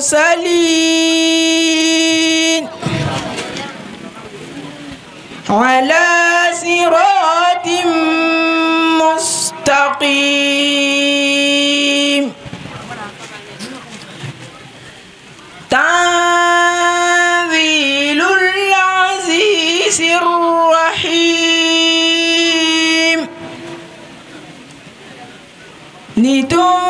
المرسلين على صراط مستقيم تنزيل العزيز الرحيم لتنزيل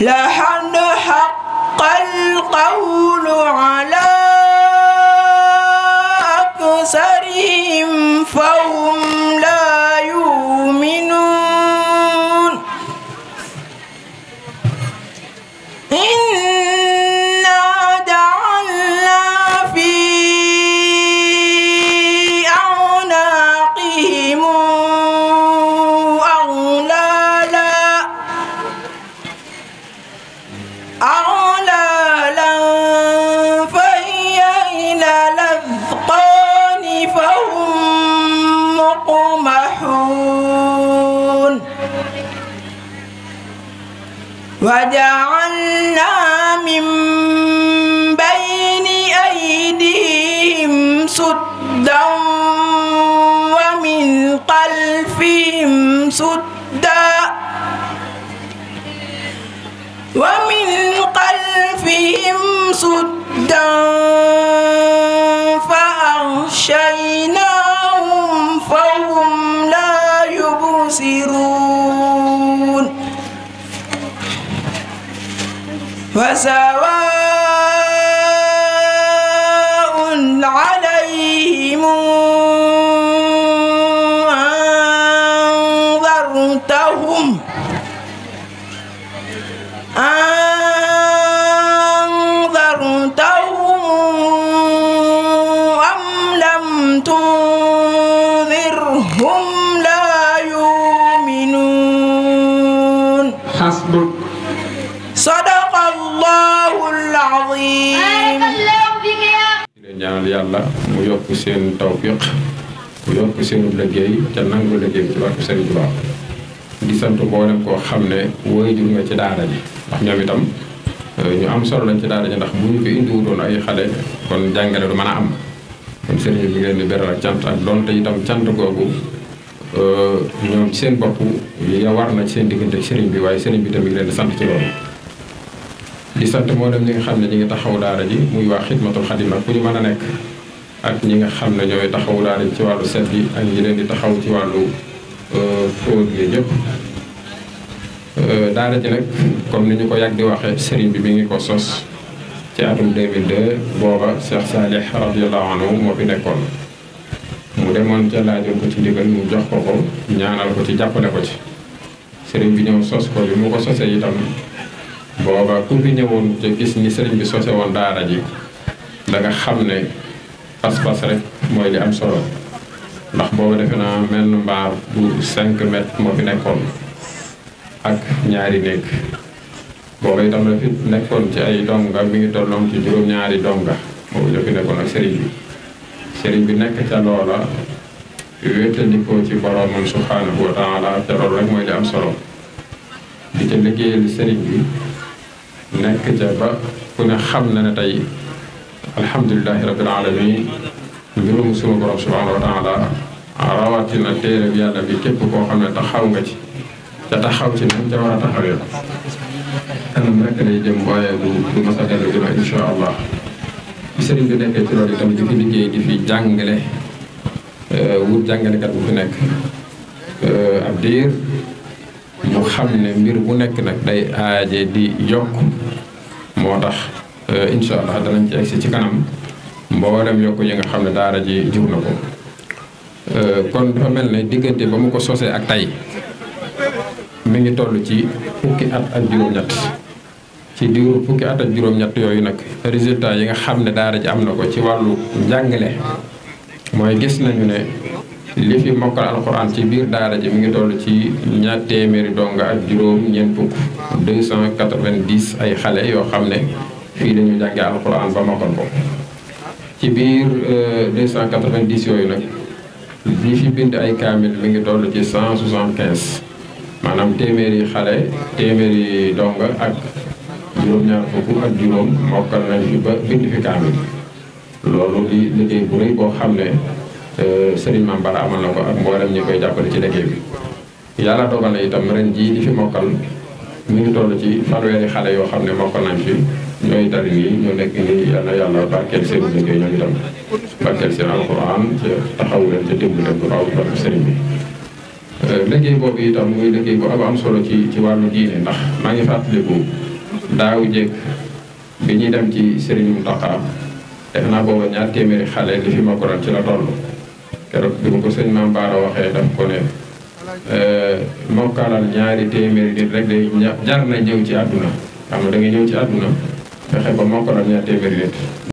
لحن حق القول على أكثرهم فهم وجعلنا من بين أيديهم سدا ومن خلفهم سدا ومن خلفهم سدا فأغشيناهم فهم لا يبصرون وسواء عليهم أنذرتهم أنذرتهم أم لم تنذرهم لا يؤمنون حسبك العظيم ñaanal yàlla mu yokk seen tawfiq mu yokk seenu liggéey ca nangu liggéey ci barke Sëriñ Tuubaa di sant mboolem koo xam ne wooy jur nga ci daara ji ndax ñoom itam euh, ñu am solo lañ ci daara ji ndax bu ñu fi indiwutoon ay xale kon jàngale du mën a am kon sëriñ bi ngeen di beral ak cant ak donte itam cant googu euh, ñoom ci seen bopp ya war na ci seen diggante sëriñ bi waaye sëriñ bi tamit leen di sant ci loolu di sant moo dem ñi nga xam ne ñu ngi taxaw daara ji muy waa xidmatul xadim ak ku ñu mën a nekk ak ñi nga xam ne ñooy taxaw daara ji ci wàllu set yi ak ñi leen di taxaw ci wàllu fóot yi ñëpp daara ji nag comme ni ñu ko yàgg di waxee sëriñ bi mi ngi ko sos ci atum 2002 booba Cheikh Salih radiyallahu anhu moo fi nekkoon mu demoon ca laajoon ko ci ndigal mu jox ko ko ñaanal ko ci jàppale ko ci sëriñ bi ñëw sos ko bi mu ko sosee itam booba ku bi ñëwoon te gis ni sëriñ bi sose woon daara ji danga xam ne pas-pas rek mooy li am solo ndax booba defe na mel mbaar bu 5 mètres moo fi nekkoon ak ñaari néeg booba itam la fi nekkoon ci ay donga mi ngi tolloon ci juróom-ñaari donga boobu la fi nekkoon ak sëriñ bi sëriñ bi nekk ca loola wéetandikoo ci boromam subhanahu wa taala ca loolu rek mooy li am solo di ca liggéeyal sëriñ bi nekk ja ba ku ne xam na ne tey alhamdulilahi rabbil alamin mbirum sunu borom subhanahu wa taala rawatina téere bi yàlla bi képp koo xam ne taxaw nga ci ta xaw ci nañ ca war a taxawee kanam rek day jëm waaye du du mas a dellu dina insha allah bi sëriñ bi ci loolu itam di fi liggéey di fi jàngale euh, wut jàngalekat bu fi nekk euh, ab diir ñu xam ne mbir bu nekk nag day aaje di yokk moo tax euh, incha allah danañ ci egsi ci kanam mboolem yokk yi nga xam ne daara ji jur na ko euh, kon dafa mel ne diggante ba mu ko sosee ak tey mu ngi toll ci fukki at ak juróom-ñett ci di fukki at ak juróom-ñett yooyu nag résultat yi nga xam ne daara ji am na ko ci wàllu njàngale mooy gis nañu ne li fi mbokkal alxuraan ci biir daara ji mi ngi toll ci ñaar téeméeri donga ak juróom ñeent fukk 290 ay xale yoo xam ne fii dañu jànge alxuraan ba mokkal ko ci biir 290 euh, yooyu nag li fi bind ay kaamil mi ngi toll ci 175 maanaam téeméeri xale téeméeri donga ak juróom-ñaar fukk ak juróom mokkal nañ ba bind fi kaamil loolu di liggéey bu rëy boo xam ne sëriñ Mame Bara amal na ko ak mboolem ñi koy jàppale ci liggéey bi yàlla dogal na itam ren jii di fi mokkal mi ngi toll ci fanweeri xale yoo xam ne mokkal nañ fi ñooy tari nii ñoo nekk nii yal na yàlla barkeel seen liggéey ñoom itam barkeel seen alxuraan ca taxawu sëriñ bi. Euh, liggéey boobu itam muy liggéey bu am am solo ci ci wàllu diine ndax maa ngi fàttaliku daaw jéeg bi ñuy dem ci sëriñ Mountakha def naa booba ñaar téeméeri xale li fi mokkoon ci la toll. keroog bi ma ko sëñ Mame Bara waxee daf ko ne euh, mokkalal ñaari téeméeri nit rek day jar na ñëw ci àdduna xam nga da nga ñëw ci àdduna fexe ba mokkalal ñaari téeméeri nit